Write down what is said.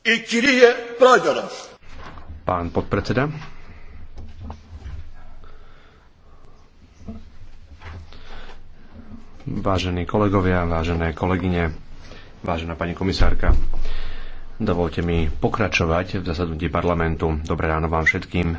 Pán podpredseda. Vážení kolegovia, vážené kolegyne, vážená pani komisárka, dovolte mi pokračovať v zasadnutí parlamentu. Dobré ráno vám všetkým.